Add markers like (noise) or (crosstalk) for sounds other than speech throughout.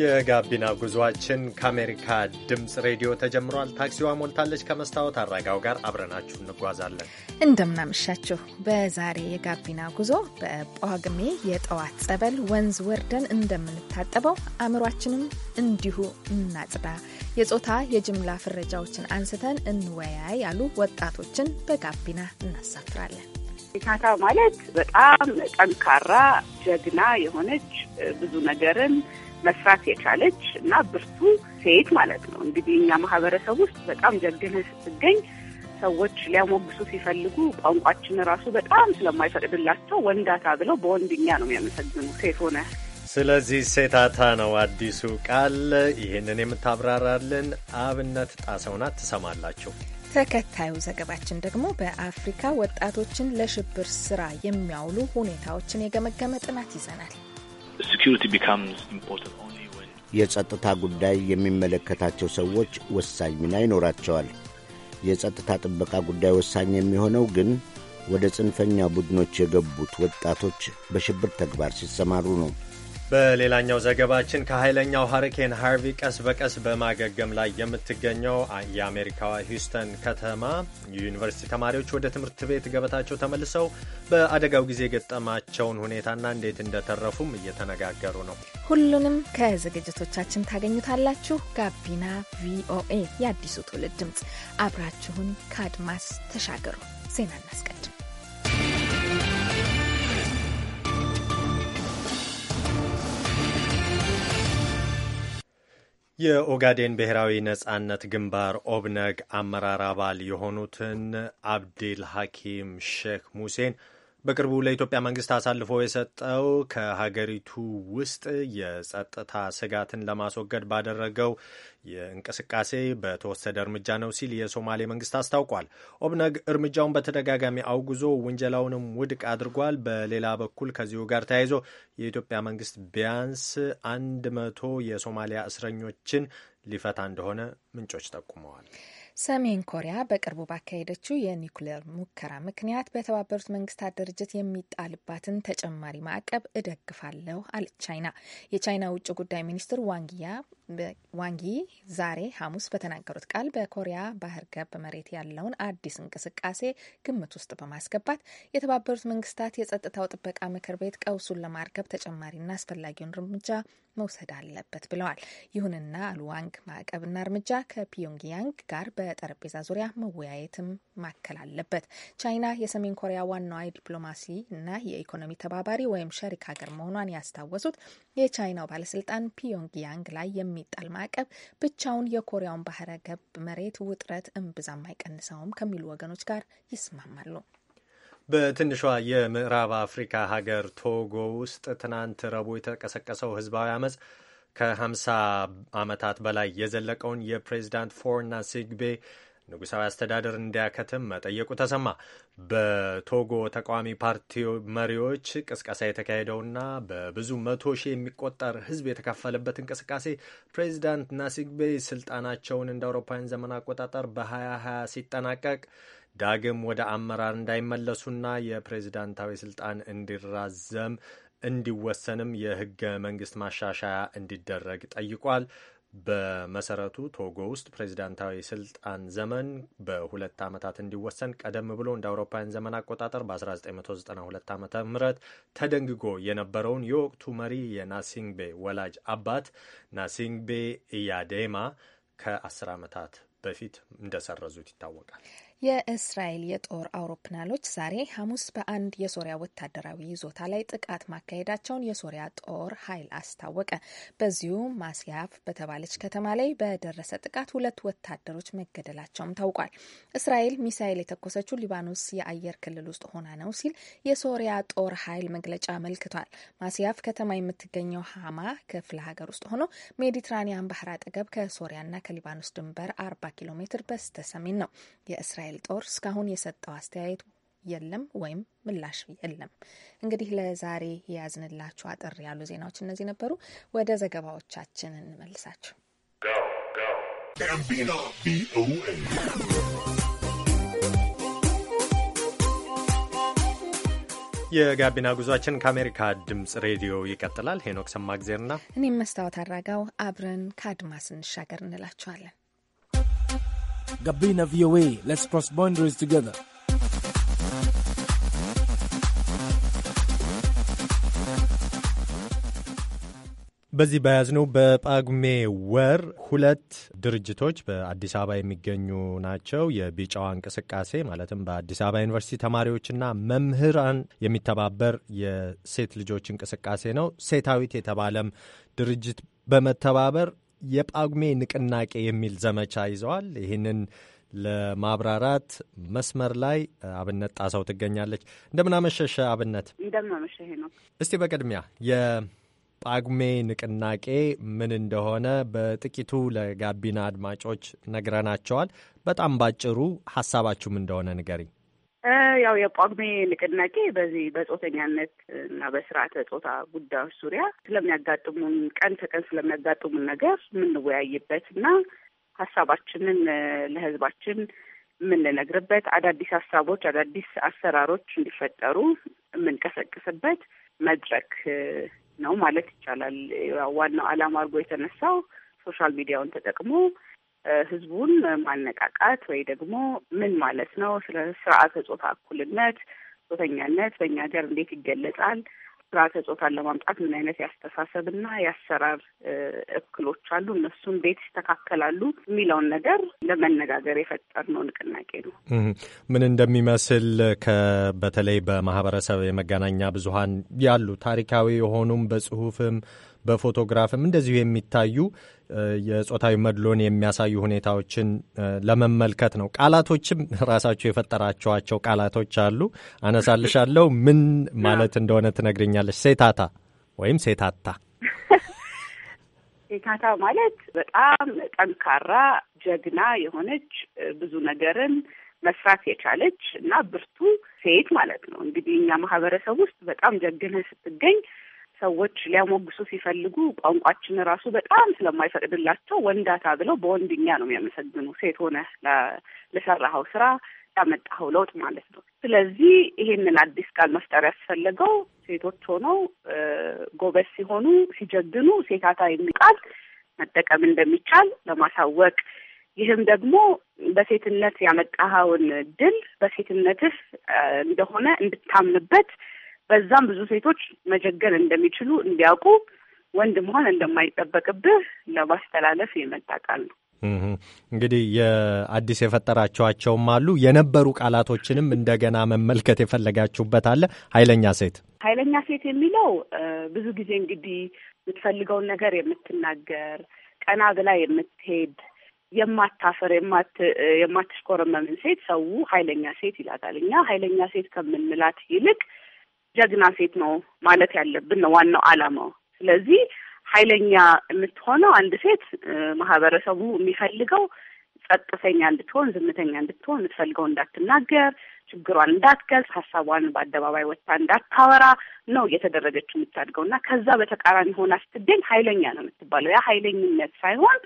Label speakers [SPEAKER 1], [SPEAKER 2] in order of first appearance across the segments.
[SPEAKER 1] የጋቢና ጉዟችን ከአሜሪካ ድምፅ ሬዲዮ ተጀምሯል። ታክሲዋ ሞልታለች። ከመስታወት አረጋው ጋር አብረናችሁ እንጓዛለን።
[SPEAKER 2] እንደምናመሻችሁ። በዛሬ የጋቢና ጉዞ በጳጉሜ የጠዋት ጸበል ወንዝ ወርደን እንደምንታጠበው አእምሯችንም እንዲሁ እናጽዳ፣ የጾታ የጅምላ ፍረጃዎችን አንስተን እንወያይ ያሉ ወጣቶችን በጋቢና እናሳፍራለን። ኢታታ ማለት በጣም
[SPEAKER 3] ጠንካራ ጀግና የሆነች ብዙ ነገርን መስራት የቻለች እና ብርቱ ሴት ማለት ነው። እንግዲህ እኛ ማህበረሰብ ውስጥ በጣም ጀግን ስትገኝ ሰዎች ሊያሞግሱ ሲፈልጉ ቋንቋችን ራሱ በጣም ስለማይፈቅድላቸው ወንዳታ ብለው በወንድኛ ነው የሚያመሰግኑ ሴት ሆነ።
[SPEAKER 1] ስለዚህ ሴታታ ነው አዲሱ ቃል። ይህንን የምታብራራልን አብነት ጣሰውናት ትሰማላችሁ።
[SPEAKER 2] ተከታዩ ዘገባችን ደግሞ በአፍሪካ ወጣቶችን ለሽብር ስራ የሚያውሉ ሁኔታዎችን የገመገመ ጥናት ይዘናል።
[SPEAKER 4] የጸጥታ ጉዳይ የሚመለከታቸው ሰዎች ወሳኝ ሚና ይኖራቸዋል። የጸጥታ ጥበቃ ጉዳይ ወሳኝ የሚሆነው ግን ወደ ጽንፈኛ ቡድኖች የገቡት ወጣቶች በሽብር ተግባር ሲሰማሩ ነው።
[SPEAKER 1] በሌላኛው ዘገባችን ከኃይለኛው ሀሪኬን ሃርቪ ቀስ በቀስ በማገገም ላይ የምትገኘው የአሜሪካዋ ሂውስተን ከተማ ዩኒቨርሲቲ ተማሪዎች ወደ ትምህርት ቤት ገበታቸው ተመልሰው በአደጋው ጊዜ የገጠማቸውን ሁኔታና እንዴት እንደተረፉም እየተነጋገሩ ነው።
[SPEAKER 2] ሁሉንም ከዝግጅቶቻችን ታገኙታላችሁ። ጋቢና ቪኦኤ የአዲሱ ትውልድ ድምፅ፣ አብራችሁን ከአድማስ ተሻገሩ። ዜና እናስቀድም።
[SPEAKER 1] የኦጋዴን ብሔራዊ ነጻነት ግንባር ኦብነግ አመራር አባል የሆኑትን አብድል ሐኪም ሼክ ሙሴን በቅርቡ ለኢትዮጵያ መንግስት አሳልፎ የሰጠው ከሀገሪቱ ውስጥ የጸጥታ ስጋትን ለማስወገድ ባደረገው እንቅስቃሴ በተወሰደ እርምጃ ነው ሲል የሶማሌ መንግስት አስታውቋል። ኦብነግ እርምጃውን በተደጋጋሚ አውግዞ ውንጀላውንም ውድቅ አድርጓል። በሌላ በኩል ከዚሁ ጋር ተያይዞ የኢትዮጵያ መንግስት ቢያንስ አንድ መቶ የሶማሊያ እስረኞችን ሊፈታ እንደሆነ ምንጮች ጠቁመዋል።
[SPEAKER 2] ሰሜን ኮሪያ በቅርቡ ባካሄደችው የኒውክሌር ሙከራ ምክንያት በተባበሩት መንግስታት ድርጅት የሚጣልባትን ተጨማሪ ማዕቀብ እደግፋለሁ አለች ቻይና። የቻይና ውጭ ጉዳይ ሚኒስትር ዋንግያ ዋንጊ ዛሬ ሐሙስ በተናገሩት ቃል በኮሪያ ባህር ገብ መሬት ያለውን አዲስ እንቅስቃሴ ግምት ውስጥ በማስገባት የተባበሩት መንግስታት የጸጥታው ጥበቃ ምክር ቤት ቀውሱን ለማርገብ ተጨማሪና አስፈላጊውን እርምጃ መውሰድ አለበት ብለዋል። ይሁንና አሉ ዋንግ ማዕቀብና እርምጃ ከፒዮንግያንግ ጋር በጠረጴዛ ዙሪያ መወያየትም ማከል አለበት። ቻይና የሰሜን ኮሪያ ዋናዋ የዲፕሎማሲ እና የኢኮኖሚ ተባባሪ ወይም ሸሪክ ሀገር መሆኗን ያስታወሱት የቻይናው ባለስልጣን ፒዮንግያንግ ላይ የሚጣል ማዕቀብ ብቻውን የኮሪያውን ባህረ ገብ መሬት ውጥረት እምብዛም አይቀንሰውም ከሚሉ ወገኖች ጋር ይስማማሉ።
[SPEAKER 1] በትንሿ የምዕራብ አፍሪካ ሀገር ቶጎ ውስጥ ትናንት ረቡዕ የተቀሰቀሰው ህዝባዊ አመፅ ከ50 ዓመታት በላይ የዘለቀውን የፕሬዚዳንት ፎርና ሲግቤ ንጉሳዊ አስተዳደር እንዲያከትም መጠየቁ ተሰማ። በቶጎ ተቃዋሚ ፓርቲ መሪዎች ቅስቀሳ የተካሄደውና በብዙ መቶ ሺህ የሚቆጠር ሕዝብ የተካፈለበት እንቅስቃሴ ፕሬዚዳንት ናሲግቤ ስልጣናቸውን እንደ አውሮፓውያን ዘመን አቆጣጠር በ2020 ሲጠናቀቅ ዳግም ወደ አመራር እንዳይመለሱና የፕሬዚዳንታዊ ስልጣን እንዲራዘም እንዲወሰንም የህገ መንግስት ማሻሻያ እንዲደረግ ጠይቋል። በመሰረቱ ቶጎ ውስጥ ፕሬዚዳንታዊ ስልጣን ዘመን በሁለት ዓመታት እንዲወሰን ቀደም ብሎ እንደ አውሮፓውያን ዘመን አቆጣጠር በ1992 ዓ ም ተደንግጎ የነበረውን የወቅቱ መሪ የናሲንግቤ ወላጅ አባት ናሲንግቤ ኢያዴማ ከ ዓመታት በፊት እንደሰረዙት ይታወቃል።
[SPEAKER 2] የእስራኤል የጦር አውሮፕላኖች ዛሬ ሐሙስ በአንድ የሶሪያ ወታደራዊ ይዞታ ላይ ጥቃት ማካሄዳቸውን የሶሪያ ጦር ኃይል አስታወቀ። በዚሁ ማስያፍ በተባለች ከተማ ላይ በደረሰ ጥቃት ሁለት ወታደሮች መገደላቸውም ታውቋል። እስራኤል ሚሳይል የተኮሰችው ሊባኖስ የአየር ክልል ውስጥ ሆና ነው ሲል የሶሪያ ጦር ኃይል መግለጫ አመልክቷል። ማስያፍ ከተማ የምትገኘው ሀማ ክፍለ ሀገር ውስጥ ሆኖ ሜዲትራኒያን ባህር አጠገብ ከሶሪያና ከሊባኖስ ድንበር አርባ ኪሎ ሜትር በስተ ሰሜን ነው። የእስራኤል የእስራኤል ጦር እስካሁን የሰጠው አስተያየት የለም ወይም ምላሽ የለም። እንግዲህ ለዛሬ የያዝንላችሁ አጠር ያሉ ዜናዎች እነዚህ ነበሩ። ወደ ዘገባዎቻችን እንመልሳችሁ።
[SPEAKER 1] የጋቢና ጉዟችን ከአሜሪካ ድምፅ ሬዲዮ ይቀጥላል። ሄኖክ ሰማግዜርና
[SPEAKER 2] እኔም መስታወት አድራጋው አብረን ከአድማስ እንሻገር እንላችኋለን። Gabina VOA. Let's cross boundaries together.
[SPEAKER 1] በዚህ በያዝነው በጳጉሜ ወር ሁለት ድርጅቶች በአዲስ አበባ የሚገኙ ናቸው። የቢጫዋ እንቅስቃሴ ማለትም በአዲስ አበባ ዩኒቨርሲቲ ተማሪዎችና መምህራን የሚተባበር የሴት ልጆች እንቅስቃሴ ነው። ሴታዊት የተባለም ድርጅት በመተባበር የጳጉሜ ንቅናቄ የሚል ዘመቻ ይዘዋል። ይህንን ለማብራራት መስመር ላይ አብነት ጣሰው ትገኛለች። እንደምናመሸሸ አብነት።
[SPEAKER 3] እንደምናመሸሽ ነው።
[SPEAKER 1] እስቲ በቅድሚያ የጳጉሜ ንቅናቄ ምን እንደሆነ በጥቂቱ ለጋቢና አድማጮች ነግረናቸዋል። በጣም ባጭሩ ሀሳባችሁም እንደሆነ ንገሪ
[SPEAKER 3] ያው የጳጉሜ ንቅናቄ በዚህ በጾተኛነት እና በስርዓተ ጾታ ጉዳዮች ዙሪያ ስለሚያጋጥሙን ቀን ተቀን ስለሚያጋጥሙን ነገር የምንወያይበት እና ሀሳባችንን ለህዝባችን የምንነግርበት አዳዲስ ሀሳቦች፣ አዳዲስ አሰራሮች እንዲፈጠሩ የምንቀሰቅስበት መድረክ ነው ማለት ይቻላል። ዋናው አላማ አድርጎ የተነሳው ሶሻል ሚዲያውን ተጠቅሞ ህዝቡን ማነቃቃት ወይ ደግሞ ምን ማለት ነው፣ ስለ ስርዓተ ጾታ እኩልነት፣ ጾተኛነት በእኛ ሀገር እንዴት ይገለጻል፣ ስርዓተ ጾታን ለማምጣት ምን አይነት ያስተሳሰብና የአሰራር እክሎች አሉ፣ እነሱ እንዴት ይስተካከላሉ የሚለውን ነገር ለመነጋገር የፈጠርነው ንቅናቄ ነው።
[SPEAKER 1] ምን እንደሚመስል በተለይ በማህበረሰብ የመገናኛ ብዙሀን ያሉ ታሪካዊ የሆኑም በጽሁፍም በፎቶግራፍም እንደዚሁ የሚታዩ የጾታዊ መድሎን የሚያሳዩ ሁኔታዎችን ለመመልከት ነው። ቃላቶችም ራሳቸው የፈጠራችኋቸው ቃላቶች አሉ። አነሳልሻለሁ ምን ማለት እንደሆነ ትነግርኛለች። ሴታታ ወይም ሴታታ
[SPEAKER 3] ሴታታ ማለት በጣም ጠንካራ ጀግና የሆነች ብዙ ነገርን መስራት የቻለች እና ብርቱ ሴት ማለት ነው። እንግዲህ እኛ ማህበረሰብ ውስጥ በጣም ጀግነህ ስትገኝ ሰዎች ሊያሞግሱ ሲፈልጉ ቋንቋችን ራሱ በጣም ስለማይፈቅድላቸው ወንዳታ ብለው በወንድኛ ነው የሚያመሰግኑ ሴት ሆነህ ለሰራኸው ስራ ያመጣኸው ለውጥ ማለት ነው። ስለዚህ ይሄንን አዲስ ቃል መፍጠር ያስፈለገው ሴቶች ሆነው ጎበዝ ሲሆኑ ሲጀግኑ ሴታታ የሚል ቃል መጠቀም እንደሚቻል ለማሳወቅ ይህም ደግሞ በሴትነት ያመጣኸውን ድል በሴትነትህ እንደሆነ እንድታምንበት በዛም ብዙ ሴቶች መጀገን እንደሚችሉ እንዲያውቁ ወንድ መሆን እንደማይጠበቅብህ ለማስተላለፍ የመጣ ቃል ነው።
[SPEAKER 1] እንግዲህ የአዲስ የፈጠራችኋቸውም አሉ የነበሩ ቃላቶችንም እንደገና መመልከት የፈለጋችሁበት አለ። ኃይለኛ ሴት
[SPEAKER 3] ኃይለኛ ሴት የሚለው ብዙ ጊዜ እንግዲህ የምትፈልገውን ነገር የምትናገር ቀና ብላ የምትሄድ የማታፈር የማትሽኮረመምን ሴት ሰው ኃይለኛ ሴት ይላታል። እኛ ኃይለኛ ሴት ከምንላት ይልቅ ጀግና ሴት ነው ማለት ያለብን ነው ዋናው አላማው። ስለዚህ ኃይለኛ የምትሆነው አንድ ሴት ማህበረሰቡ የሚፈልገው ጸጥተኛ እንድትሆን፣ ዝምተኛ እንድትሆን፣ የምትፈልገው እንዳትናገር፣ ችግሯን እንዳትገልጽ፣ ሀሳቧን በአደባባይ ወጥታ እንዳታወራ ነው እየተደረገች የምታድገው እና ከዛ በተቃራኒ ሆና ስትገኝ ኃይለኛ ነው የምትባለው። ያ ኃይለኝነት ሳይሆን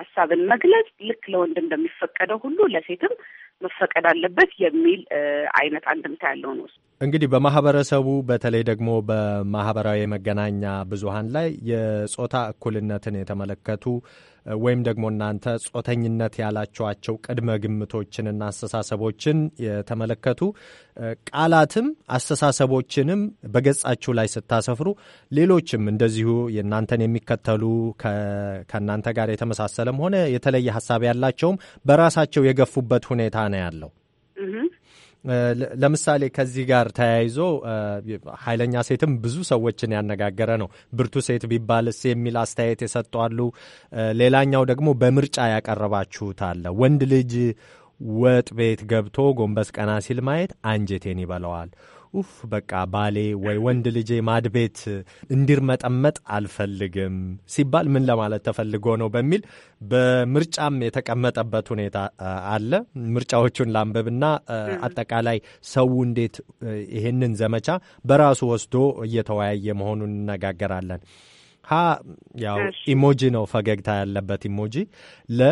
[SPEAKER 3] ሀሳብን መግለጽ ልክ ለወንድ እንደሚፈቀደው ሁሉ ለሴትም መፈቀድ አለበት የሚል አይነት አንድምታ ያለው ነው።
[SPEAKER 1] እንግዲህ በማህበረሰቡ በተለይ ደግሞ በማህበራዊ መገናኛ ብዙሃን ላይ የጾታ እኩልነትን የተመለከቱ ወይም ደግሞ እናንተ ጾተኝነት ያላችኋቸው ቅድመ ግምቶችንና አስተሳሰቦችን የተመለከቱ ቃላትም አስተሳሰቦችንም በገጻችሁ ላይ ስታሰፍሩ ሌሎችም እንደዚሁ የእናንተን የሚከተሉ ከእናንተ ጋር የተመሳሰለም ሆነ የተለየ ሀሳብ ያላቸውም በራሳቸው የገፉበት ሁኔታ ነው ያለው። ለምሳሌ ከዚህ ጋር ተያይዞ ኃይለኛ ሴትም ብዙ ሰዎችን ያነጋገረ ነው። ብርቱ ሴት ቢባልስ የሚል አስተያየት የሰጧሉ ሌላኛው ደግሞ በምርጫ ያቀረባችሁት አለ። ወንድ ልጅ ወጥ ቤት ገብቶ ጎንበስ ቀና ሲል ማየት አንጀቴን ይበለዋል። ኡፍ በቃ ባሌ ወይ ወንድ ልጄ ማድቤት እንዲርመጠመጥ አልፈልግም ሲባል ምን ለማለት ተፈልጎ ነው በሚል በምርጫም የተቀመጠበት ሁኔታ አለ። ምርጫዎቹን ላንብብና አጠቃላይ ሰው እንዴት ይህንን ዘመቻ በራሱ ወስዶ እየተወያየ መሆኑን እነጋገራለን። ሀ ያው ኢሞጂ ነው ፈገግታ ያለበት ኢሞጂ። ለ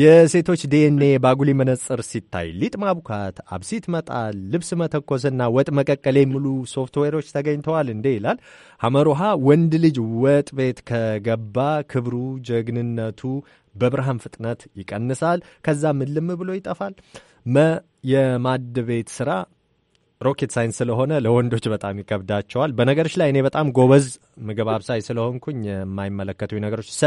[SPEAKER 1] የሴቶች ዲኤንኤ ባጉሊ መነጽር ሲታይ ሊጥ ማቡካት፣ አብሲት መጣል፣ ልብስ መተኮስና ወጥ መቀቀል የሚሉ ሶፍትዌሮች ተገኝተዋል እንዴ ይላል። ሀመሮሃ ወንድ ልጅ ወጥ ቤት ከገባ ክብሩ ጀግንነቱ በብርሃን ፍጥነት ይቀንሳል፣ ከዛ ምልም ብሎ ይጠፋል። መ የማድ ቤት ስራ ሮኬት ሳይንስ ስለሆነ ለወንዶች በጣም ይከብዳቸዋል። በነገሮች ላይ እኔ በጣም ጎበዝ ምግብ አብሳይ ስለሆንኩኝ የማይመለከቱኝ ነገሮች ሰ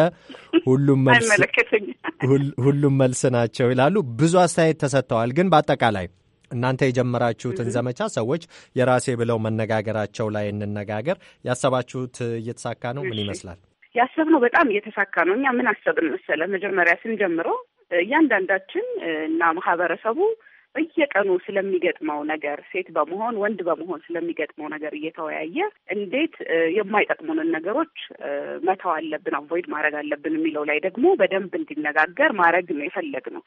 [SPEAKER 1] ሁሉም መልስ ናቸው ይላሉ። ብዙ አስተያየት ተሰጥተዋል። ግን በአጠቃላይ እናንተ የጀመራችሁትን ዘመቻ ሰዎች የራሴ ብለው መነጋገራቸው ላይ እንነጋገር። ያሰባችሁት እየተሳካ ነው? ምን ይመስላል?
[SPEAKER 3] ያሰብነው በጣም እየተሳካ ነው። እኛ ምን አሰብን መሰለ መጀመሪያ ስንጀምረው እያንዳንዳችን እና ማህበረሰቡ በየቀኑ ስለሚገጥመው ነገር ሴት በመሆን ወንድ በመሆን ስለሚገጥመው ነገር እየተወያየ እንዴት የማይጠቅሙንን ነገሮች መተው አለብን፣ አቮይድ ማድረግ አለብን የሚለው ላይ ደግሞ በደንብ እንዲነጋገር ማድረግ ነው የፈለግነው።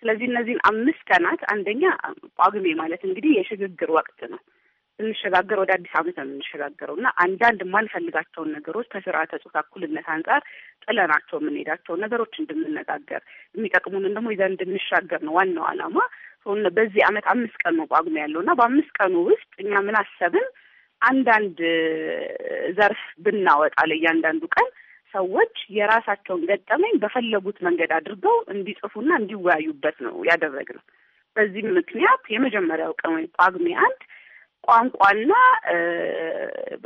[SPEAKER 3] ስለዚህ እነዚህን አምስት ቀናት አንደኛ ጳጉሜ ማለት እንግዲህ የሽግግር ወቅት ነው ስንሸጋገር ወደ አዲስ ዓመት ነው የምንሸጋገረው እና አንዳንድ የማንፈልጋቸውን ነገሮች ከስርዓተ ጾታ እኩልነት አንጻር ጥለናቸው የምንሄዳቸውን ነገሮች እንድንነጋገር የሚጠቅሙንን ደግሞ ይዘን እንድንሻገር ነው ዋናው ዓላማ። በዚህ አመት አምስት ቀን ነው ጳጉሜ ያለው እና በአምስት ቀኑ ውስጥ እኛ ምን አሰብን አንዳንድ ዘርፍ ብናወጣ ለእያንዳንዱ ቀን ሰዎች የራሳቸውን ገጠመኝ በፈለጉት መንገድ አድርገው እንዲጽፉና እንዲወያዩበት ነው ያደረግነው። በዚህም ምክንያት የመጀመሪያው ቀን ወይም ጳጉሜ አንድ ቋንቋና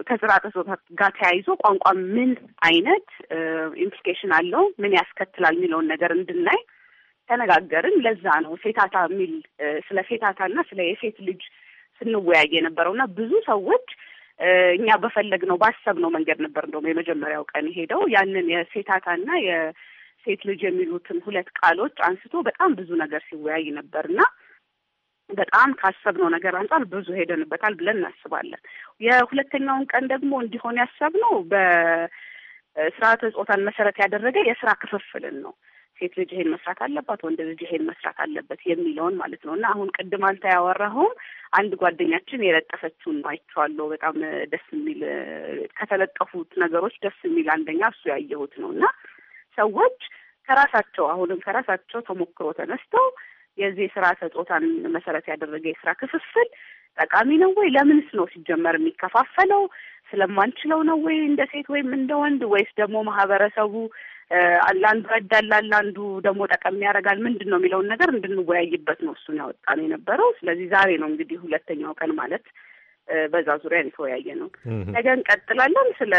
[SPEAKER 3] ከስርዓተ ጾታ ጋር ተያይዞ ቋንቋ ምን አይነት ኢምፕሊኬሽን አለው፣ ምን ያስከትላል የሚለውን ነገር እንድናይ ተነጋገርን። ለዛ ነው ፌታታ የሚል ስለ ፌታታ እና ስለ የሴት ልጅ ስንወያይ የነበረው እና ብዙ ሰዎች እኛ በፈለግነው ባሰብነው መንገድ ነበር እንደውም የመጀመሪያው ቀን ሄደው ያንን የፌታታና የሴት ልጅ የሚሉትን ሁለት ቃሎች አንስቶ በጣም ብዙ ነገር ሲወያይ ነበር እና በጣም ካሰብነው ነገር አንጻር ብዙ ሄደንበታል ብለን እናስባለን። የሁለተኛውን ቀን ደግሞ እንዲሆን ያሰብነው በስርዓተ ጾታን መሰረት ያደረገ የስራ ክፍፍልን ነው። ሴት ልጅ ይሄን መስራት አለባት፣ ወንድ ልጅ ይሄን መስራት አለበት የሚለውን ማለት ነው። እና አሁን ቅድም አንተ ያወራኸውም አንድ ጓደኛችን የለጠፈችውን አይቼዋለሁ። በጣም ደስ የሚል ከተለጠፉት ነገሮች ደስ የሚል አንደኛ እሱ ያየሁት ነው። እና ሰዎች ከራሳቸው አሁንም ከራሳቸው ተሞክሮ ተነስተው የዚህ የስራ ተጾታን መሰረት ያደረገ የስራ ክፍፍል ጠቃሚ ነው ወይ? ለምንስ ነው ሲጀመር የሚከፋፈለው? ስለማንችለው ነው ወይ እንደ ሴት ወይም እንደ ወንድ ወይስ ደግሞ ማህበረሰቡ ለአንዱ ረዳል ለአንዱ ደግሞ ጠቀም ያደርጋል ምንድን ነው የሚለውን ነገር እንድንወያይበት ነው እሱን ያወጣነው የነበረው። ስለዚህ ዛሬ ነው እንግዲህ ሁለተኛው ቀን ማለት በዛ ዙሪያ የተወያየ ነው። ነገ እንቀጥላለን። ስለ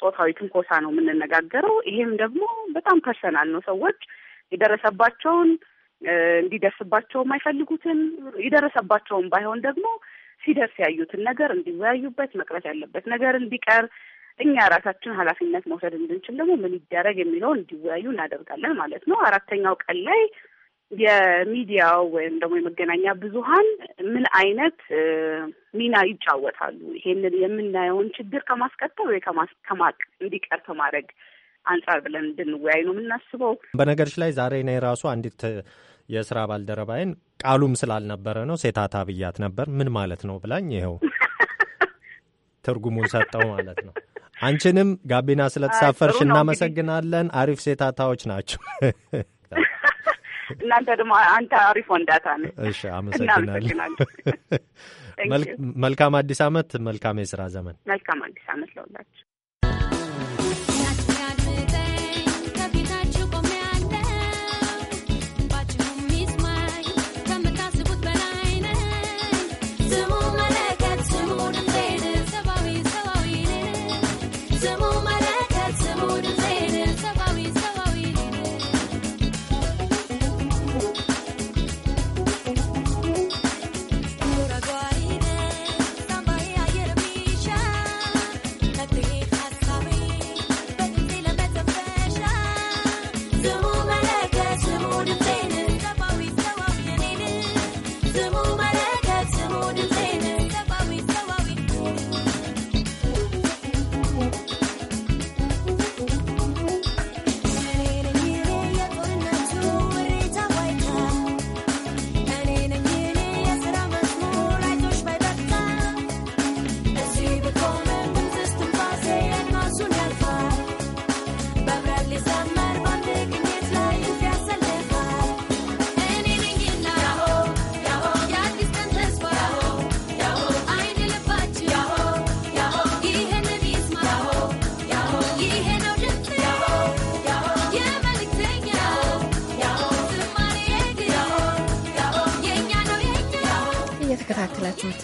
[SPEAKER 3] ጾታዊ ትንኮሳ ነው የምንነጋገረው። ይሄም ደግሞ በጣም ፐርሰናል ነው። ሰዎች የደረሰባቸውን እንዲደርስባቸው የማይፈልጉትን ይደረሰባቸውም ባይሆን ደግሞ ሲደርስ ያዩትን ነገር እንዲወያዩበት፣ መቅረት ያለበት ነገር እንዲቀር፣ እኛ ራሳችን ኃላፊነት መውሰድ እንድንችል ደግሞ ምን ይደረግ የሚለውን እንዲወያዩ እናደርጋለን ማለት ነው። አራተኛው ቀን ላይ የሚዲያው ወይም ደግሞ የመገናኛ ብዙኃን ምን አይነት ሚና ይጫወታሉ? ይሄንን የምናየውን ችግር ከማስቀጠል ወይ ከማቅ እንዲቀር ከማድረግ አንጻር ብለን እንድንወያይ ነው የምናስበው።
[SPEAKER 1] በነገሮች ላይ ዛሬ እኔ ራሱ አንዲት የስራ ባልደረባይን ቃሉም ስላልነበረ ነው ሴታታ ብያት ነበር። ምን ማለት ነው ብላኝ ይኸው (laughs) ትርጉሙን ሰጠው ማለት ነው። አንቺንም ጋቢና ስለተሳፈርሽ እናመሰግናለን። አሪፍ ሴታታዎች ናቸው። (laughs)
[SPEAKER 3] እናንተ ደግሞ አንተ አሪፍ ወንዳታ ነህ።
[SPEAKER 1] እሺ፣ አመሰግናለሁ። መልካም አዲስ ዓመት፣ መልካም የስራ ዘመን፣ መልካም አዲስ አመት መልካም የስራ ዘመን
[SPEAKER 3] መልካም አዲስ አመት ለሁላችሁ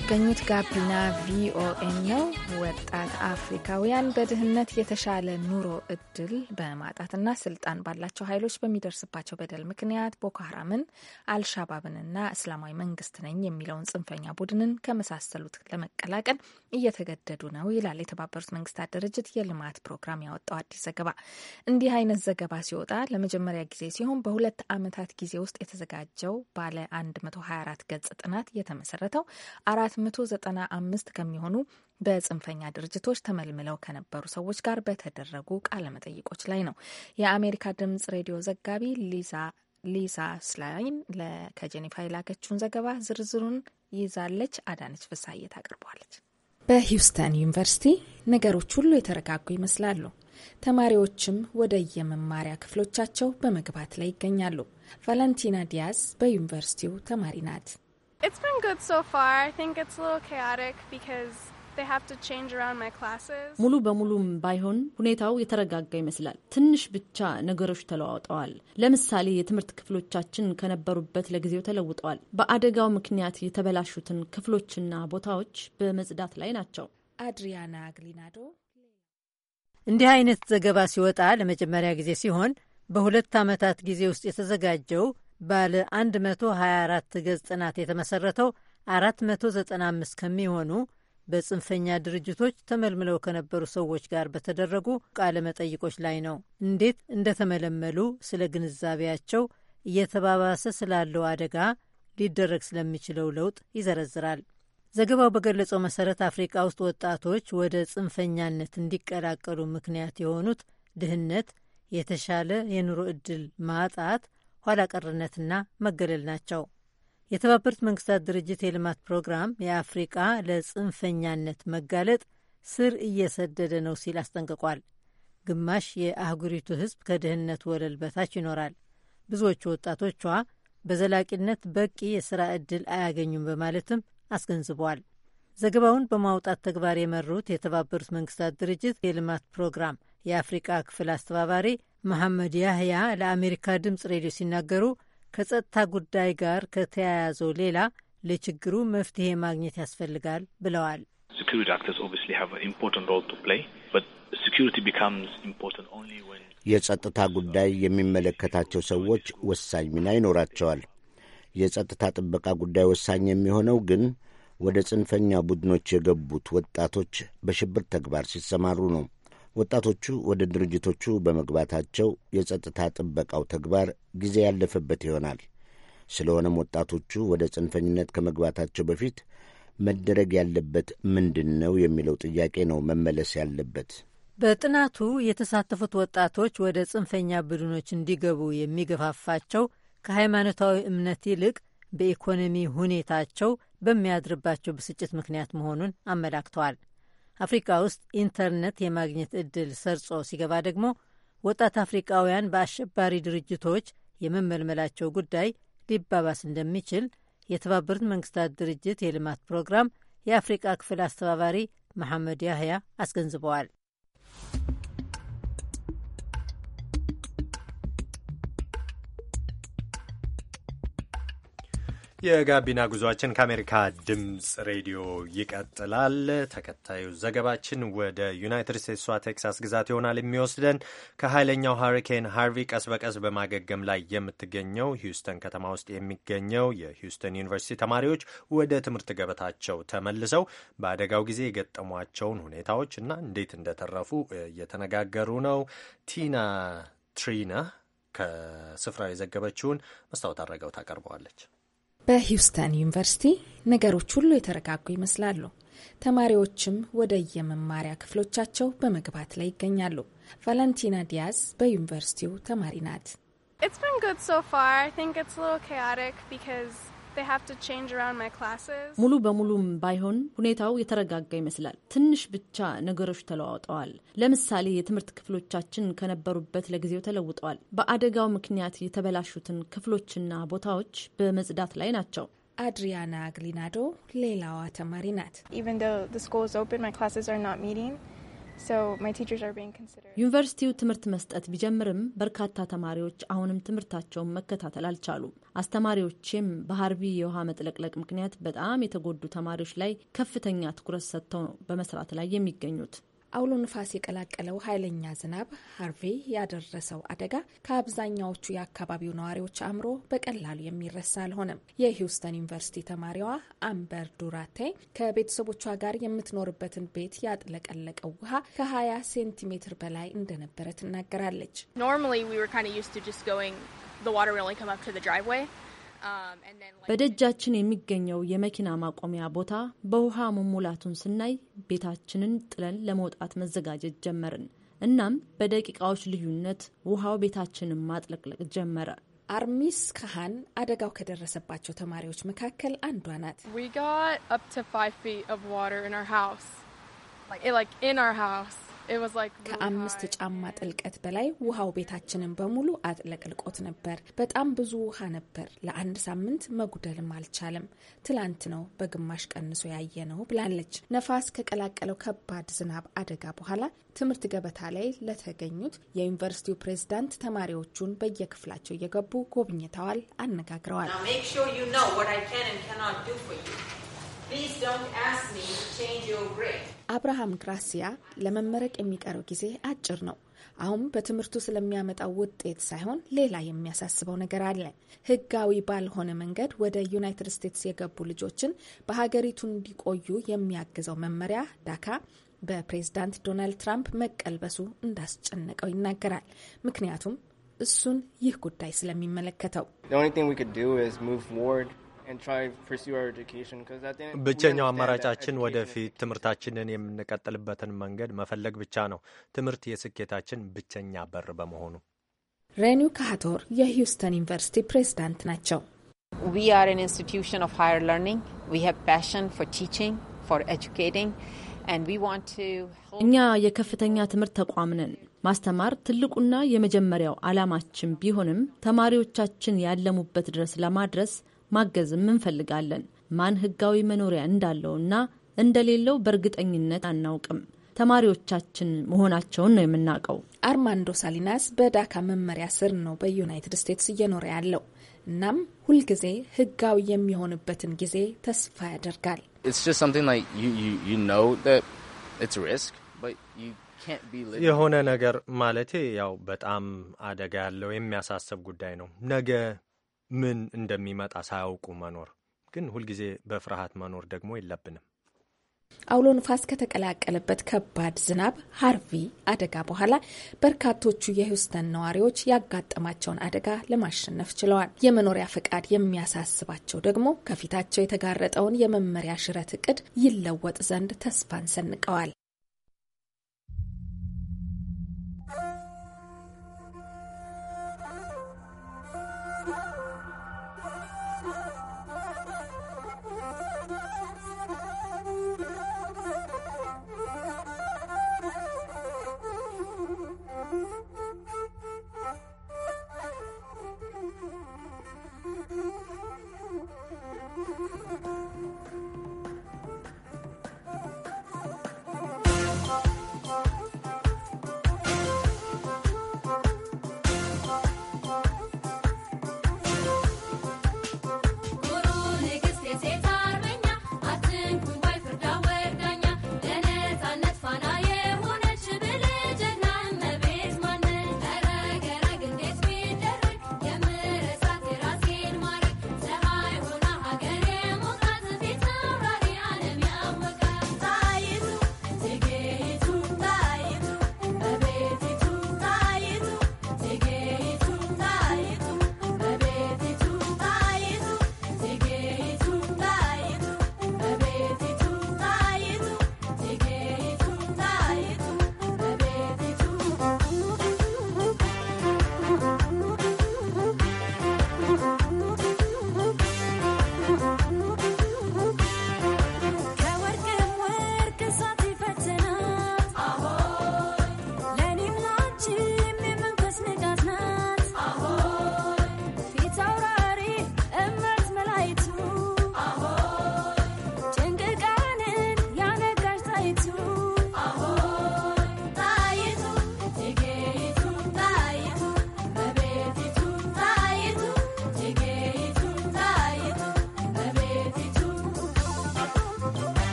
[SPEAKER 2] የምትገኙት ጋቢና ቪኦኤ ነው። ወጣት አፍሪካውያን በድህነት የተሻለ ኑሮ እድል በማጣትና ስልጣን ባላቸው ኃይሎች በሚደርስባቸው በደል ምክንያት ቦኮ ሀራምን፣ አልሻባብንና እስላማዊ መንግስት ነኝ የሚለውን ጽንፈኛ ቡድንን ከመሳሰሉት ለመቀላቀል እየተገደዱ ነው ይላል የተባበሩት መንግስታት ድርጅት የልማት ፕሮግራም ያወጣው አዲስ ዘገባ። እንዲህ አይነት ዘገባ ሲወጣ ለመጀመሪያ ጊዜ ሲሆን በሁለት ዓመታት ጊዜ ውስጥ የተዘጋጀው ባለ 124 ገጽ ጥናት የተመሰረተው 495 ከሚሆኑ በጽንፈኛ ድርጅቶች ተመልምለው ከነበሩ ሰዎች ጋር በተደረጉ ቃለመጠይቆች ላይ ነው። የአሜሪካ ድምጽ ሬዲዮ ዘጋቢ ሊዛ ሊዛ ስላይን ከጄኔቫ የላከችውን ዘገባ ዝርዝሩን ይዛለች። አዳነች ፍሳዬ ታቀርበዋለች። በሂውስተን ዩኒቨርሲቲ ነገሮች ሁሉ የተረጋጉ ይመስላሉ። ተማሪዎችም ወደ የመማሪያ ክፍሎቻቸው በመግባት ላይ ይገኛሉ። ቫለንቲና ዲያዝ በዩኒቨርሲቲው ተማሪ ናት። ሙሉ
[SPEAKER 4] በሙሉም ባይሆን ሁኔታው የተረጋጋ ይመስላል። ትንሽ ብቻ ነገሮች ተለዋውጠዋል። ለምሳሌ የትምህርት ክፍሎቻችን ከነበሩበት ለጊዜው ተለውጠዋል። በአደጋው
[SPEAKER 5] ምክንያት የተበላሹትን ክፍሎችና ቦታዎች በመጽዳት ላይ ናቸው።
[SPEAKER 2] አድሪያና አግሊናዶ
[SPEAKER 5] እንዲህ አይነት ዘገባ ሲወጣ ለመጀመሪያ ጊዜ ሲሆን በሁለት ዓመታት ጊዜ ውስጥ የተዘጋጀው ባለ 124 ገጽ ጥናት የተመሰረተው 495 ከሚሆኑ በጽንፈኛ ድርጅቶች ተመልምለው ከነበሩ ሰዎች ጋር በተደረጉ ቃለ መጠይቆች ላይ ነው። እንዴት እንደተመለመሉ፣ ስለ ግንዛቤያቸው፣ እየተባባሰ ስላለው አደጋ፣ ሊደረግ ስለሚችለው ለውጥ ይዘረዝራል። ዘገባው በገለጸው መሰረት አፍሪቃ ውስጥ ወጣቶች ወደ ጽንፈኛነት እንዲቀላቀሉ ምክንያት የሆኑት ድህነት፣ የተሻለ የኑሮ ዕድል ማጣት፣ ኋላ ቀርነትና መገለል ናቸው። የተባበሩት መንግስታት ድርጅት የልማት ፕሮግራም የአፍሪቃ ለጽንፈኛነት መጋለጥ ስር እየሰደደ ነው ሲል አስጠንቅቋል። ግማሽ የአህጉሪቱ ህዝብ ከድህነት ወለል በታች ይኖራል። ብዙዎቹ ወጣቶቿ በዘላቂነት በቂ የሥራ ዕድል አያገኙም በማለትም አስገንዝበዋል። ዘገባውን በማውጣት ተግባር የመሩት የተባበሩት መንግስታት ድርጅት የልማት ፕሮግራም የአፍሪቃ ክፍል አስተባባሪ መሐመድ ያህያ ለአሜሪካ ድምፅ ሬዲዮ ሲናገሩ ከጸጥታ ጉዳይ ጋር ከተያያዘው ሌላ ለችግሩ መፍትሄ ማግኘት ያስፈልጋል ብለዋል።
[SPEAKER 4] የጸጥታ ጉዳይ የሚመለከታቸው ሰዎች ወሳኝ ሚና ይኖራቸዋል። የጸጥታ ጥበቃ ጉዳይ ወሳኝ የሚሆነው ግን ወደ ጽንፈኛ ቡድኖች የገቡት ወጣቶች በሽብር ተግባር ሲሰማሩ ነው። ወጣቶቹ ወደ ድርጅቶቹ በመግባታቸው የጸጥታ ጥበቃው ተግባር ጊዜ ያለፈበት ይሆናል። ስለሆነም ወጣቶቹ ወደ ጽንፈኝነት ከመግባታቸው በፊት መደረግ ያለበት ምንድን ነው የሚለው ጥያቄ ነው መመለስ ያለበት።
[SPEAKER 5] በጥናቱ የተሳተፉት ወጣቶች ወደ ጽንፈኛ ቡድኖች እንዲገቡ የሚገፋፋቸው ከሃይማኖታዊ እምነት ይልቅ በኢኮኖሚ ሁኔታቸው በሚያድርባቸው ብስጭት ምክንያት መሆኑን አመላክተዋል። አፍሪካ ውስጥ ኢንተርኔት የማግኘት እድል ሰርጾ ሲገባ ደግሞ ወጣት አፍሪቃውያን በአሸባሪ ድርጅቶች የመመልመላቸው ጉዳይ ሊባባስ እንደሚችል የተባበሩት መንግስታት ድርጅት የልማት ፕሮግራም የአፍሪቃ ክፍል አስተባባሪ መሐመድ ያህያ አስገንዝበዋል።
[SPEAKER 1] የጋቢና ጉዟችን ከአሜሪካ ድምፅ ሬዲዮ ይቀጥላል። ተከታዩ ዘገባችን ወደ ዩናይትድ ስቴትሷ ቴክሳስ ግዛት ይሆናል የሚወስደን ከኃይለኛው ሃሪኬን ሃርቪ ቀስ በቀስ በማገገም ላይ የምትገኘው ሂውስተን ከተማ ውስጥ የሚገኘው የሂውስተን ዩኒቨርሲቲ ተማሪዎች ወደ ትምህርት ገበታቸው ተመልሰው በአደጋው ጊዜ የገጠሟቸውን ሁኔታዎች እና እንዴት እንደተረፉ እየተነጋገሩ ነው። ቲና ትሪና ከስፍራው የዘገበችውን መስታወት አድረገው ታቀርበዋለች።
[SPEAKER 2] በሂውስተን ዩኒቨርሲቲ ነገሮች ሁሉ የተረጋጉ ይመስላሉ። ተማሪዎችም ወደ የመማሪያ ክፍሎቻቸው በመግባት ላይ ይገኛሉ። ቫለንቲና ዲያዝ በዩኒቨርሲቲው ተማሪ ናት።
[SPEAKER 4] ሙሉ በሙሉም ባይሆን ሁኔታው የተረጋጋ ይመስላል። ትንሽ ብቻ ነገሮች ተለዋውጠዋል። ለምሳሌ የትምህርት ክፍሎቻችን ከነበሩበት ለጊዜው ተለውጠዋል። በአደጋው ምክንያት የተበላሹትን ክፍሎችና ቦታዎች በመጽዳት ላይ ናቸው።
[SPEAKER 2] አድሪያና አግሊናዶ ሌላዋ ተማሪ ናት።
[SPEAKER 4] ዩኒቨርሲቲው ትምህርት መስጠት ቢጀምርም በርካታ ተማሪዎች አሁንም ትምህርታቸውን መከታተል አልቻሉም። አስተማሪዎችም በሀርቢ የውሃ መጥለቅለቅ ምክንያት በጣም የተጎዱ ተማሪዎች ላይ ከፍተኛ ትኩረት ሰጥተው ነው በመስራት ላይ የሚገኙት።
[SPEAKER 2] አውሎ ንፋስ የቀላቀለው ኃይለኛ ዝናብ ሀርቬይ ያደረሰው አደጋ ከአብዛኛዎቹ የአካባቢው ነዋሪዎች አእምሮ በቀላሉ የሚረሳ አልሆነም። የሂውስተን ዩኒቨርሲቲ ተማሪዋ አምበር ዱራቴ ከቤተሰቦቿ ጋር የምትኖርበትን ቤት ያጥለቀለቀው ውሃ ከ20 ሴንቲሜትር በላይ እንደነበረ ትናገራለች። Um, በደጃችን
[SPEAKER 4] የሚገኘው የመኪና ማቆሚያ ቦታ በውሃ መሙላቱን ስናይ ቤታችንን ጥለን ለመውጣት መዘጋጀት ጀመርን። እናም በደቂቃዎች ልዩነት ውሃው ቤታችንን
[SPEAKER 2] ማጥለቅለቅ ጀመረ። አርሚስ ካህን አደጋው ከደረሰባቸው ተማሪዎች መካከል አንዷ ናት። ዊ ፊት ከአምስት ጫማ ጥልቀት በላይ ውሃው ቤታችንን በሙሉ አጥለቅልቆት ነበር። በጣም ብዙ ውሃ ነበር። ለአንድ ሳምንት መጉደልም አልቻለም። ትላንት ነው በግማሽ ቀንሶ ያየ ነው ብላለች። ነፋስ ከቀላቀለው ከባድ ዝናብ አደጋ በኋላ ትምህርት ገበታ ላይ ለተገኙት የዩኒቨርሲቲው ፕሬዝዳንት ተማሪዎቹን በየክፍላቸው እየገቡ ጎብኝተዋል፣ አነጋግረዋል። አብርሃም ግራሲያ ለመመረቅ የሚቀረው ጊዜ አጭር ነው። አሁን በትምህርቱ ስለሚያመጣው ውጤት ሳይሆን ሌላ የሚያሳስበው ነገር አለ። ሕጋዊ ባልሆነ መንገድ ወደ ዩናይትድ ስቴትስ የገቡ ልጆችን በሀገሪቱ እንዲቆዩ የሚያግዘው መመሪያ ዳካ በፕሬዝዳንት ዶናልድ ትራምፕ መቀልበሱ እንዳስጨነቀው ይናገራል። ምክንያቱም እሱን ይህ ጉዳይ ስለሚመለከተው
[SPEAKER 1] ብቸኛው አማራጫችን ወደፊት ትምህርታችንን የምንቀጥልበትን መንገድ መፈለግ ብቻ ነው። ትምህርት የስኬታችን ብቸኛ በር በመሆኑ
[SPEAKER 2] ሬኒ ካቶር የሂውስተን ዩኒቨርሲቲ ፕሬዝዳንት ናቸው።
[SPEAKER 4] እኛ የከፍተኛ ትምህርት ተቋም ነን። ማስተማር ትልቁና የመጀመሪያው ዓላማችን ቢሆንም ተማሪዎቻችን ያለሙበት ድረስ ለማድረስ ማገዝም እንፈልጋለን። ማን ህጋዊ መኖሪያ እንዳለውና እንደሌለው በእርግጠኝነት አናውቅም። ተማሪዎቻችን መሆናቸውን ነው የምናውቀው።
[SPEAKER 2] አርማንዶ ሳሊናስ በዳካ መመሪያ ስር ነው በዩናይትድ ስቴትስ እየኖረ ያለው። እናም ሁልጊዜ ህጋዊ የሚሆንበትን ጊዜ ተስፋ ያደርጋል። የሆነ
[SPEAKER 1] ነገር ማለቴ ያው በጣም አደጋ ያለው የሚያሳስብ ጉዳይ ነው። ነገ ምን እንደሚመጣ ሳያውቁ መኖር ግን ሁልጊዜ በፍርሃት መኖር ደግሞ የለብንም።
[SPEAKER 2] አውሎ ንፋስ ከተቀላቀለበት ከባድ ዝናብ ሀርቪ አደጋ በኋላ በርካቶቹ የሂውስተን ነዋሪዎች ያጋጠማቸውን አደጋ ለማሸነፍ ችለዋል። የመኖሪያ ፈቃድ የሚያሳስባቸው ደግሞ ከፊታቸው የተጋረጠውን የመመሪያ ሽረት እቅድ ይለወጥ ዘንድ ተስፋን ሰንቀዋል።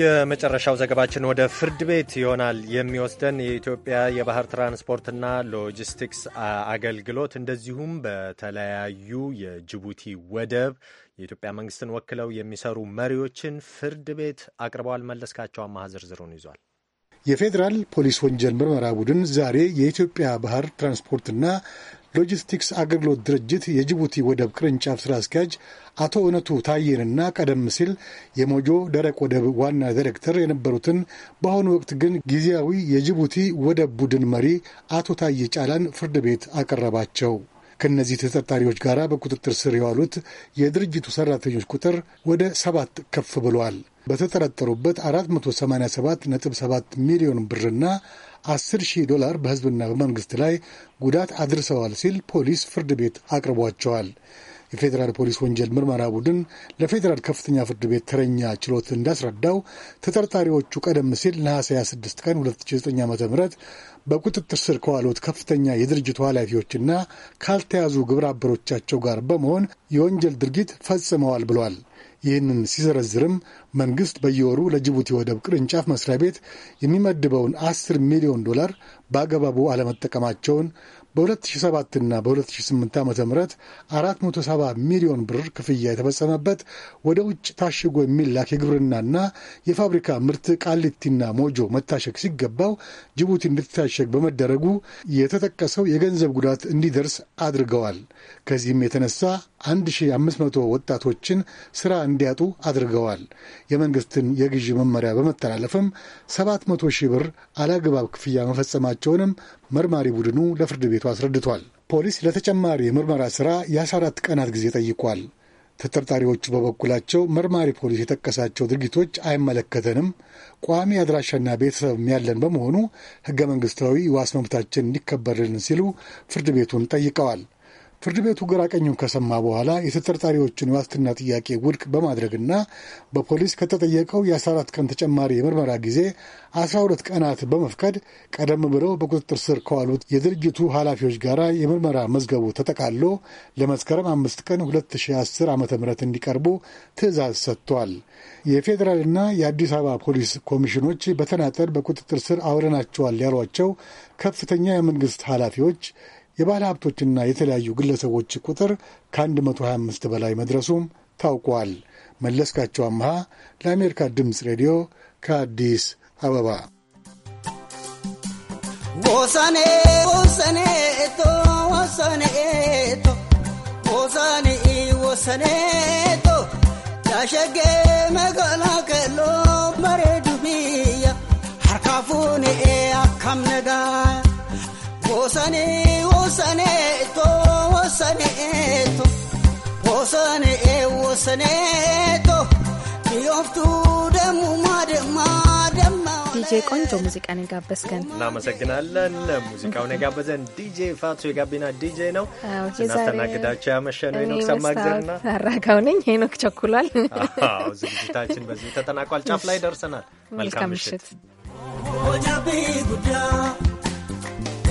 [SPEAKER 1] የመጨረሻው ዘገባችን ወደ ፍርድ ቤት ይሆናል የሚወስደን የኢትዮጵያ የባህር ትራንስፖርትና ሎጂስቲክስ አገልግሎት እንደዚሁም በተለያዩ የጅቡቲ ወደብ የኢትዮጵያ መንግስትን ወክለው የሚሰሩ መሪዎችን ፍርድ ቤት አቅርበዋል። መለስካቸው አማሃ ዝርዝሩን ይዟል።
[SPEAKER 6] የፌዴራል ፖሊስ ወንጀል ምርመራ ቡድን ዛሬ የኢትዮጵያ ባህር ትራንስፖርትና ሎጂስቲክስ አገልግሎት ድርጅት የጅቡቲ ወደብ ቅርንጫፍ ስራ አስኪያጅ አቶ እውነቱ ታዬንና ቀደም ሲል የሞጆ ደረቅ ወደብ ዋና ዲሬክተር የነበሩትን በአሁኑ ወቅት ግን ጊዜያዊ የጅቡቲ ወደብ ቡድን መሪ አቶ ታዬ ጫላን ፍርድ ቤት አቀረባቸው። ከእነዚህ ተጠርጣሪዎች ጋር በቁጥጥር ስር የዋሉት የድርጅቱ ሰራተኞች ቁጥር ወደ ሰባት ከፍ ብሏል። በተጠረጠሩበት 487.7 ሚሊዮን ብርና 10 ሺህ ዶላር በሕዝብና በመንግስት ላይ ጉዳት አድርሰዋል ሲል ፖሊስ ፍርድ ቤት አቅርቧቸዋል። የፌዴራል ፖሊስ ወንጀል ምርመራ ቡድን ለፌዴራል ከፍተኛ ፍርድ ቤት ተረኛ ችሎት እንዳስረዳው ተጠርጣሪዎቹ ቀደም ሲል ነሐሴ 26 ቀን 2009 ዓ ም በቁጥጥር ስር ከዋሉት ከፍተኛ የድርጅቱ ኃላፊዎችና ካልተያዙ ግብረ አበሮቻቸው ጋር በመሆን የወንጀል ድርጊት ፈጽመዋል ብሏል። ይህንን ሲዘረዝርም መንግሥት በየወሩ ለጅቡቲ ወደብ ቅርንጫፍ መስሪያ ቤት የሚመድበውን 10 ሚሊዮን ዶላር በአገባቡ አለመጠቀማቸውን በ2007ና በ2008 ዓ ም 470 ሚሊዮን ብር ክፍያ የተፈጸመበት ወደ ውጭ ታሽጎ የሚላክ የግብርናና የፋብሪካ ምርት ቃሊቲና ሞጆ መታሸግ ሲገባው ጅቡቲ እንድትታሸግ በመደረጉ የተጠቀሰው የገንዘብ ጉዳት እንዲደርስ አድርገዋል። ከዚህም የተነሳ 1500 ወጣቶችን ስራ እንዲያጡ አድርገዋል። የመንግስትን የግዢ መመሪያ በመተላለፍም 700 ሺህ ብር አላግባብ ክፍያ መፈጸማቸውንም መርማሪ ቡድኑ ለፍርድ ቤቱ አስረድቷል። ፖሊስ ለተጨማሪ የምርመራ ስራ የ14 ቀናት ጊዜ ጠይቋል። ተጠርጣሪዎቹ በበኩላቸው መርማሪ ፖሊስ የጠቀሳቸው ድርጊቶች አይመለከተንም፣ ቋሚ አድራሻና ቤተሰብም ያለን በመሆኑ ህገ መንግስታዊ ዋስ መብታችን እንዲከበርልን ሲሉ ፍርድ ቤቱን ጠይቀዋል። ፍርድ ቤቱ ግራ ቀኙን ከሰማ በኋላ የተጠርጣሪዎችን የዋስትና ጥያቄ ውድቅ በማድረግና በፖሊስ ከተጠየቀው የ14 ቀን ተጨማሪ የምርመራ ጊዜ 12 ቀናት በመፍቀድ ቀደም ብለው በቁጥጥር ስር ከዋሉት የድርጅቱ ኃላፊዎች ጋር የምርመራ መዝገቡ ተጠቃሎ ለመስከረም 5 ቀን 2010 ዓ ም እንዲቀርቡ ትዕዛዝ ሰጥቷል። የፌዴራልና የአዲስ አበባ ፖሊስ ኮሚሽኖች በተናጠል በቁጥጥር ስር አውለናቸዋል ያሏቸው ከፍተኛ የመንግስት ኃላፊዎች የባለ ሀብቶችና የተለያዩ ግለሰቦች ቁጥር ከ125 በላይ መድረሱም ታውቋል። መለስካቸው አምሃ ለአሜሪካ ድምፅ ሬዲዮ ከአዲስ አበባ
[SPEAKER 3] ወሰኔ
[SPEAKER 5] ወሰኔ ወሰኔ ወሰኔ
[SPEAKER 3] መሬዱሚያ ሐርካፉን አካምነጋ
[SPEAKER 2] ዲጄ ቆንጆ ሙዚቃን የጋበዝከን
[SPEAKER 1] እናመሰግናለን። ሙዚቃውን የጋበዘን ዲጄ ፋቱ የጋቢና ዲጄ ነው። ስናስተናግዳቸው ያመሸ ነው ሄኖክ ሰማግዘርና
[SPEAKER 2] አራጋው ነኝ። ሄኖክ ቸኩሏል።
[SPEAKER 1] ዝግጅታችን በዚህ ተጠናቋል። ጫፍ ላይ ደርሰናል። መልካም ምሽት።